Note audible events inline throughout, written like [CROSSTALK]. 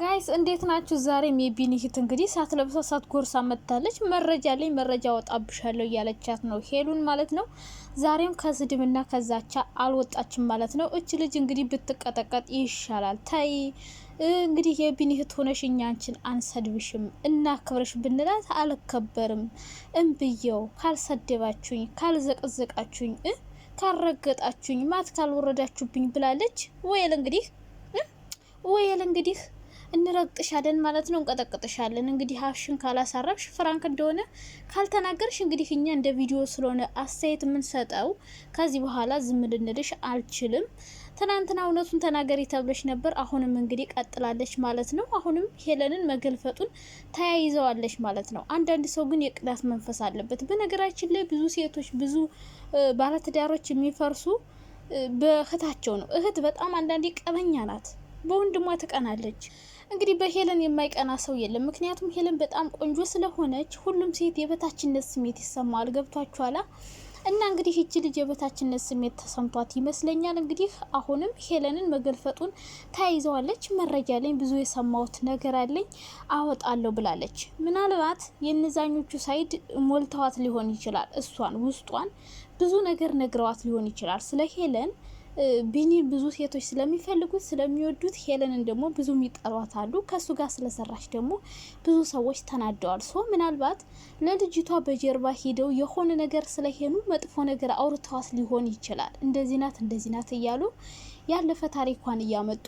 ጋይስ እንዴት ናችሁ? ዛሬም የቢኒ እህት እንግዲህ ሳትለብሳ ሳትጎርሳ መጥታለች። መረጃ ላይ መረጃ ወጣብሻለሁ እያለቻት ነው ሄሉን ማለት ነው። ዛሬም ከስድብና ከዛቻ አልወጣችም ማለት ነው። እች ልጅ እንግዲህ ብትቀጠቀጥ ይሻላል። ታይ እንግዲህ የቢኒ እህት ሆነሽ እኛ አንቺን አንሰድብሽም እናክብረሽ ብንላት አልከበርም እምብየው ካልሰደባችሁኝ፣ ካልዘቀዘቃችሁኝ፣ ካልረገጣችሁኝ፣ ማት ካልወረዳችሁብኝ ብላለች። ወይል እንግዲህ ወይል እንግዲህ እንረግጥሻለን ማለት ነው፣ እንቀጠቅጥሻለን። እንግዲህ አፍሽን ካላሳረፍሽ ፍራንክ እንደሆነ ካልተናገርሽ እንግዲህ እኛ እንደ ቪዲዮ ስለሆነ አስተያየት የምንሰጠው ከዚህ በኋላ ዝም ልንልሽ አልችልም። ትናንትና እውነቱን ተናገሪ ተብለሽ ነበር። አሁንም እንግዲህ ቀጥላለች ማለት ነው። አሁንም ሄለንን መገልፈጡን ተያይዘዋለች ማለት ነው። አንዳንድ ሰው ግን የቅናት መንፈስ አለበት። በነገራችን ላይ ብዙ ሴቶች ብዙ ባለትዳሮች የሚፈርሱ በእህታቸው ነው። እህት በጣም አንዳንዴ ቀበኛ ናት። በወንድሟ ትቀናለች። እንግዲህ በሄለን የማይቀና ሰው የለም። ምክንያቱም ሄለን በጣም ቆንጆ ስለሆነች ሁሉም ሴት የበታችነት ስሜት ይሰማል። ገብቷችኋላ? እና እንግዲህ እቺ ልጅ የበታችነት ስሜት ተሰምቷት ይመስለኛል። እንግዲህ አሁንም ሄለንን መገልፈጡን ተያይዘዋለች። መረጃ አለኝ፣ ብዙ የሰማሁት ነገር አለኝ፣ አወጣለሁ ብላለች። ምናልባት የእነዛኞቹ ሳይድ ሞልተዋት ሊሆን ይችላል። እሷን ውስጧን ብዙ ነገር ነግረዋት ሊሆን ይችላል ስለ ሄለን ቢኒን ብዙ ሴቶች ስለሚፈልጉት ስለሚወዱት፣ ሄለንን ደግሞ ብዙ የሚጠሯት አሉ። ከእሱ ጋር ስለሰራች ደግሞ ብዙ ሰዎች ተናደዋል። ሶ ምናልባት ለልጅቷ በጀርባ ሂደው የሆነ ነገር ስለሄኑ መጥፎ ነገር አውርተዋት ሊሆን ይችላል። እንደዚህ ናት እንደዚህ ናት እያሉ ያለፈ ታሪኳን እያመጡ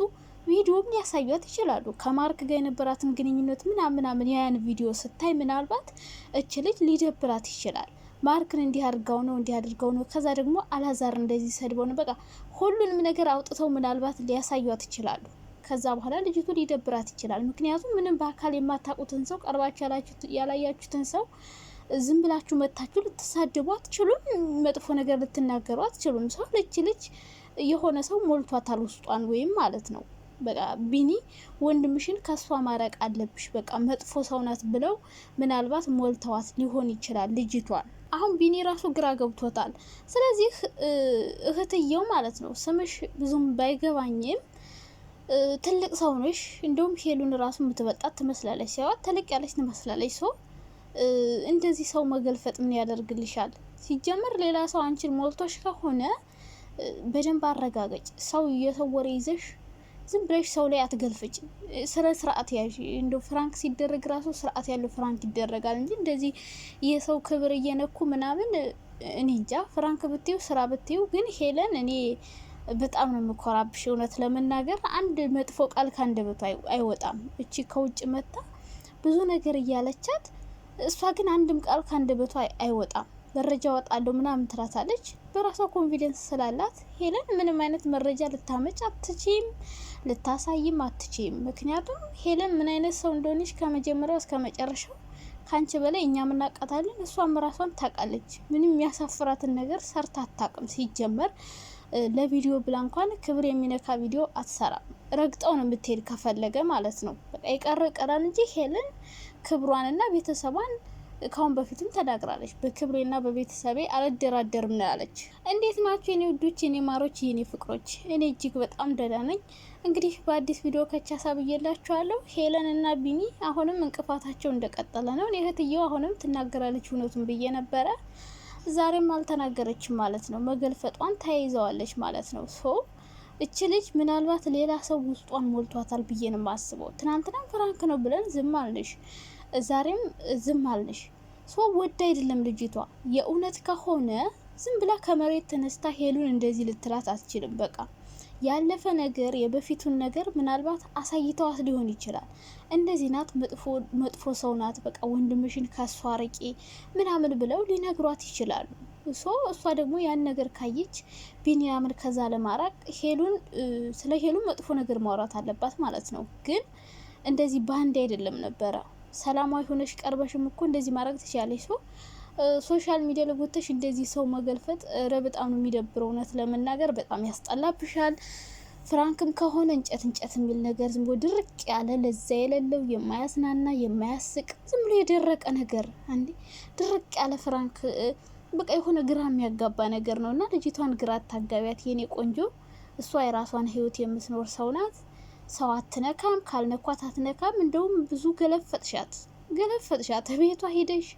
ቪዲዮም ሊያሳዩት ይችላሉ። ከማርክ ጋር የነበራትን ግንኙነት ምናምን ምናምን ቪዲዮ ስታይ ምናልባት እች ልጅ ሊደብራት ይችላል። ማርክን እንዲህ አድርገው ነው እንዲህ አድርገው ነው፣ ከዛ ደግሞ አላዛር እንደዚህ ሰድበው ነው፣ በቃ ሁሉንም ነገር አውጥተው ምናልባት ሊያሳዩት ይችላሉ። ከዛ በኋላ ልጅቱ ሊደብራት ይችላል። ምክንያቱም ምንም በአካል የማታውቁትን ሰው ቀርባችሁ ያላያችሁትን ሰው ዝም ብላችሁ መታችሁ ልትሳድቡ አትችሉም። መጥፎ ነገር ልትናገሩ አትችሉም። ሰው ልጅ ልጅ የሆነ ሰው ሞልቷታል ውስጧን ወይም ማለት ነው በቃ ቢኒ ወንድምሽን ከሷ ማረቅ አለብሽ፣ በቃ መጥፎ ሰው ናት ብለው ምናልባት ሞልተዋት ሊሆን ይችላል ልጅቷን። አሁን ቢኒ ራሱ ግራ ገብቶታል። ስለዚህ እህትየው ማለት ነው ስምሽ ብዙም ባይገባኝም ትልቅ ሰው ነሽ፣ እንደውም ሄሉን ራሱ የምትበጣት ትመስላለች፣ ሲያዋት ተልቅ ያለች ትመስላለች። ሰው እንደዚህ ሰው መገልፈጥ ምን ያደርግልሻል? ሲጀመር ሌላ ሰው አንቺን ሞልቶሽ ከሆነ በደንብ አረጋገጭ። ሰው እየሰወረ ይዘሽ ዝም ብለሽ ሰው ላይ አትገልፍጭ። ስለ ስርዓት ያዥ። እንደ ፍራንክ ሲደረግ ራሱ ስርዓት ያለው ፍራንክ ይደረጋል እንጂ እንደዚህ የሰው ክብር እየነኩ ምናምን እኔ እንጃ። ፍራንክ ብትዩ ስራ ብትዩ ግን ሄለን እኔ በጣም ነው የምኮራብሽ። እውነት ለመናገር አንድ መጥፎ ቃል ከአንደበቷ አይወጣም። እቺ ከውጭ መታ ብዙ ነገር እያለቻት፣ እሷ ግን አንድም ቃል ከአንደበቷ አይወጣም። መረጃ ወጣለሁ ምናምን ትላታለች። በራሷ ኮንፊደንስ ስላላት ሄለን ምንም አይነት መረጃ ልታመጭ አትችም። ልታሳይም አትችም። ምክንያቱም ሄለን ምን አይነት ሰው እንደሆነች ከመጀመሪያው እስከ መጨረሻው ከአንቺ በላይ እኛ ምናቃታለን። እሷም ራሷን ታውቃለች። ምንም የሚያሳፍራትን ነገር ሰርታ አታውቅም። ሲጀመር ለቪዲዮ ብላ እንኳን ክብር የሚነካ ቪዲዮ አትሰራም። ረግጠው ነው የምትሄድ ከፈለገ ማለት ነው። በቃ የቀረ ቀራን እንጂ ሄለን ክብሯንና ቤተሰቧን ከአሁን በፊትም ተናግራለች። በክብሬና በቤተሰቤ አልደራደርም ነው ያለች። እንዴት ናቸው የኔ ውዶች፣ የኔ ማሮች፣ የኔ ፍቅሮች? እኔ እጅግ በጣም ደህና ነኝ። እንግዲህ በአዲስ ቪዲዮ ከቻሳ ብዬላችኋለሁ። ሄለን እና ቢኒ አሁንም እንቅፋታቸው እንደቀጠለ ነው። እህትየው አሁንም ትናገራለች እውነቱን ብዬ ነበረ። ዛሬም አልተናገረችም ማለት ነው። መገልፈጧን ተያይዘዋለች ማለት ነው። ሶ እች ልጅ ምናልባት ሌላ ሰው ውስጧን ሞልቷታል ብዬ ነው የማስበው። ትናንትና ፍራንክ ነው ብለን ዝም አልንሽ። ዛሬም ዝም አልንሽ። ሶ ወድ አይደለም ልጅቷ። የእውነት ከሆነ ዝም ብላ ከመሬት ተነስታ ሄሉን እንደዚህ ልትላት አትችልም። በቃ ያለፈ ነገር የበፊቱን ነገር ምናልባት አሳይተዋት ሊሆን ይችላል። እንደዚህ ናት፣ መጥፎ ሰው ናት፣ በቃ ወንድምሽን ከሷ አርቂ ምናምን ብለው ሊነግሯት ይችላሉ። ሶ እሷ ደግሞ ያን ነገር ካየች ቢኒያምን ከዛ ለማራቅ ሄሉን ስለ ሄሉን መጥፎ ነገር ማውራት አለባት ማለት ነው። ግን እንደዚህ ባንድ አይደለም ነበረ ሰላማዊ ሆነሽ ቀርበሽም እኮ እንደዚህ ማድረግ ትችያለሽ። ሶ ሶሻል ሚዲያ ላይ ወጥተሽ እንደዚህ ሰው መገልፈጥ ረ በጣም ነው የሚደብረው። እውነት ለመናገር በጣም ያስጠላብሻል። ፍራንክም ከሆነ እንጨት እንጨት የሚል ነገር ዝም ብሎ ድርቅ ያለ ለዛ የሌለው የማያስናና የማያስቅ ዝም ብሎ የደረቀ ነገር አንዴ ድርቅ ያለ ፍራንክ በቃ የሆነ ግራ የሚያጋባ ነገር ነው እና ልጅቷን ግራ አታጋቢያት የኔ ቆንጆ። እሷ የራሷን ህይወት የምትኖር ሰው ናት። ሰው አትነካም፣ ካልነኳት አትነካም። እንደውም ብዙ ገለፈጥሻት ገለፈጥሻት ቤቷ ሄደሽ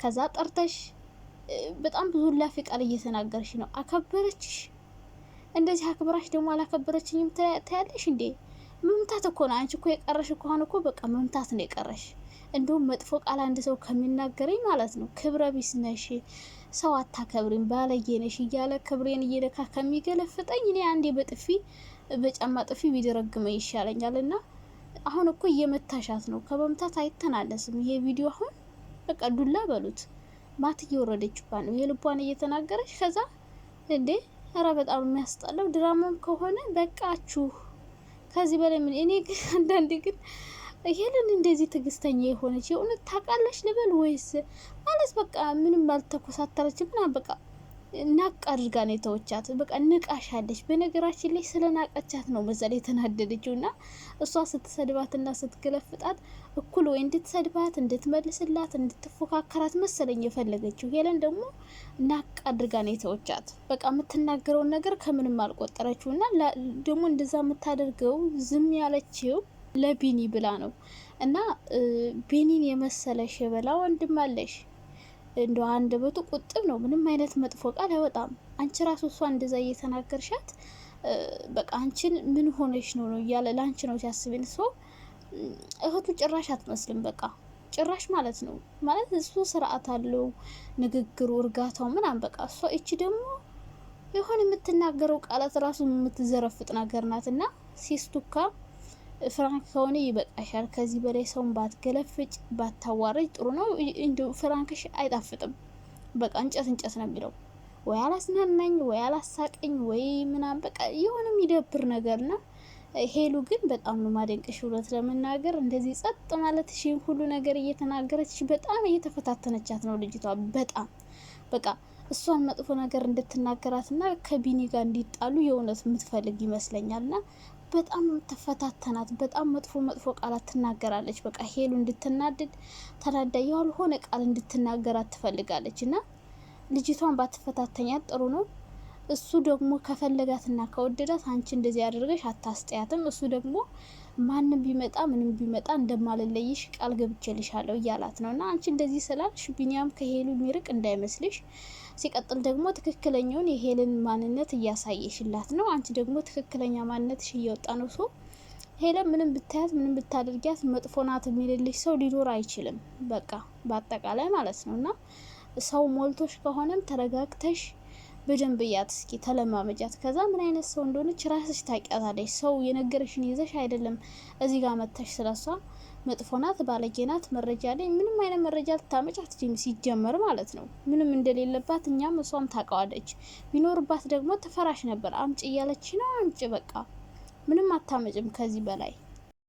ከዛ ጠርተሽ በጣም ብዙ ላፊ ቃል እየተናገርሽ ነው። አከበረችሽ። እንደዚህ አክብራሽ ደግሞ አላከበረችኝም ታያለሽ እንዴ? መምታት እኮ ነው። አንቺ እኮ የቀረሽ ከሆነ እኮ በቃ መምታት ነው የቀረሽ። እንደውም መጥፎ ቃል አንድ ሰው ከሚናገረኝ ማለት ነው ክብረ ቢስ ነሽ፣ ሰው አታከብሪም፣ ባለጌ ነሽ እያለ ክብሬን እየነካ ከሚገለፍጠኝ እኔ አንዴ በጥፊ በጫማ ጥፊ ቢደረግመ ይሻለኛል። እና አሁን እኮ እየመታሻት ነው፣ ከመምታት አይተናለስም። ይሄ ቪዲዮ አሁን በቃ ዱላ በሉት ማት እየወረደችባት ነው፣ የልቧን እየተናገረች ከዛ እንዴ ኧረ በጣም የሚያስጠላው ድራማም ከሆነ በቃችሁ ከዚህ በላይ ምን እኔ ግን [LAUGHS] አንዳንዴ ግን ይሄንን እንደዚህ ትዕግስተኛ የሆነች የእውነት ታውቃለች ልበል ወይስ ማለት በቃ ምንም ባልተኮሳተረች ምናምን በቃ ናቅ አድርጋ ነው የተወቻት። በቃ ንቃሻለች። በነገራችን ላይ ስለ ናቀቻት ነው መሰለኝ የተናደደችው እና እሷ ስትሰድባትና ስትገለፍጣት እኩል ወይ እንድትሰድባት፣ እንድትመልስላት፣ እንድትፎካከራት መሰለኝ የፈለገችው። ሄለን ደግሞ ናቅ አድርጋ ነው የተወቻት። በቃ የምትናገረውን ነገር ከምንም አልቆጠረችው እና ደግሞ እንደዛ የምታደርገው ዝም ያለችው ለቢኒ ብላ ነው እና ቢኒን የመሰለ ሸበላ ወንድም አለሽ እንደ አንድ ቁጥብ ነው። ምንም አይነት መጥፎ ቃል አይወጣም። አንቺ ራሱ እሷ እንደዛ እየተናገርሻት በቃ አንቺን ምን ሆነሽ ነው ነው እያለ ለአንቺ ነው ሲያስብን ሰው እህቱ ጭራሽ አትመስልም። በቃ ጭራሽ ማለት ነው ማለት እሱ ስርዓት አለው ንግግሩ፣ እርጋታው ምናምን በቃ እሷ እቺ ደግሞ የሆነ የምትናገረው ቃላት ራሱ የምትዘረፍጥ ነገር ናት እና ሲስቱካ ፍራንክ ከሆነ ይበቃሻል። ከዚህ በላይ ሰውን ባትገለፍጭ ባታዋረጅ ጥሩ ነው። እንዲሁ ፍራንክሽ አይጣፍጥም። በቃ እንጨት እንጨት ነው የሚለው ወይ አላስናናኝ፣ ወይ አላሳቀኝ፣ ወይ ምናም በቃ የሆነ የሚደብር ነገር ነው። ሄሉ ግን በጣም ነው ማደንቅሽ። እውነት ለመናገር እንደዚህ ጸጥ ማለት ሽን ሁሉ ነገር እየተናገረች በጣም እየተፈታተነቻት ነው ልጅቷ። በጣም በቃ እሷን መጥፎ ነገር እንድትናገራትና ከቢኒ ጋር እንዲጣሉ የእውነት የምትፈልግ ይመስለኛልና በጣም የምትፈታተናት በጣም መጥፎ መጥፎ ቃላት ትናገራለች። በቃ ሄሉ እንድትናድድ ተናዳ ያልሆነ ቃል እንድትናገራት ትፈልጋለች። እና ልጅቷን ባትፈታተኛት ጥሩ ነው። እሱ ደግሞ ከፈለጋትና ከወደዳት አንቺ እንደዚህ አድርገሽ አታስጠያትም። እሱ ደግሞ ማንም ቢመጣ ምንም ቢመጣ እንደማልለይሽ ቃል ገብቼልሻለሁ እያላት ነው እና አንቺ እንደዚህ ስላልሽ ቢኒያም ከሄሉ የሚርቅ እንዳይመስልሽ ሲቀጥል ደግሞ ትክክለኛውን የሄልን ማንነት እያሳየሽላት ነው። አንቺ ደግሞ ትክክለኛ ማንነትሽ እያወጣ ነው። ሶ ሄለን ምንም ብታያት ምንም ብታደርጊያት መጥፎ ናት የሚልልሽ ሰው ሊኖር አይችልም። በቃ በአጠቃላይ ማለት ነው እና ሰው ሞልቶሽ ከሆነም ተረጋግተሽ በደንብ እያት እስኪ ተለማመጃት። ከዛ ምን አይነት ሰው እንደሆነች ራስሽ ታውቂያታለሽ። ሰው የነገረሽን ይዘሽ አይደለም እዚህ ጋር መጥተሽ ስለሷ መጥፎናት፣ ባለጌናት መረጃ ላይ ምንም አይነት መረጃ ልታመጭ አትችልም። ሲጀመር ማለት ነው ምንም እንደሌለባት እኛም እሷም ታውቀዋለች። ቢኖርባት ደግሞ ትፈራሽ ነበር። አምጭ እያለች ነው አምጭ። በቃ ምንም አታመጭም ከዚህ በላይ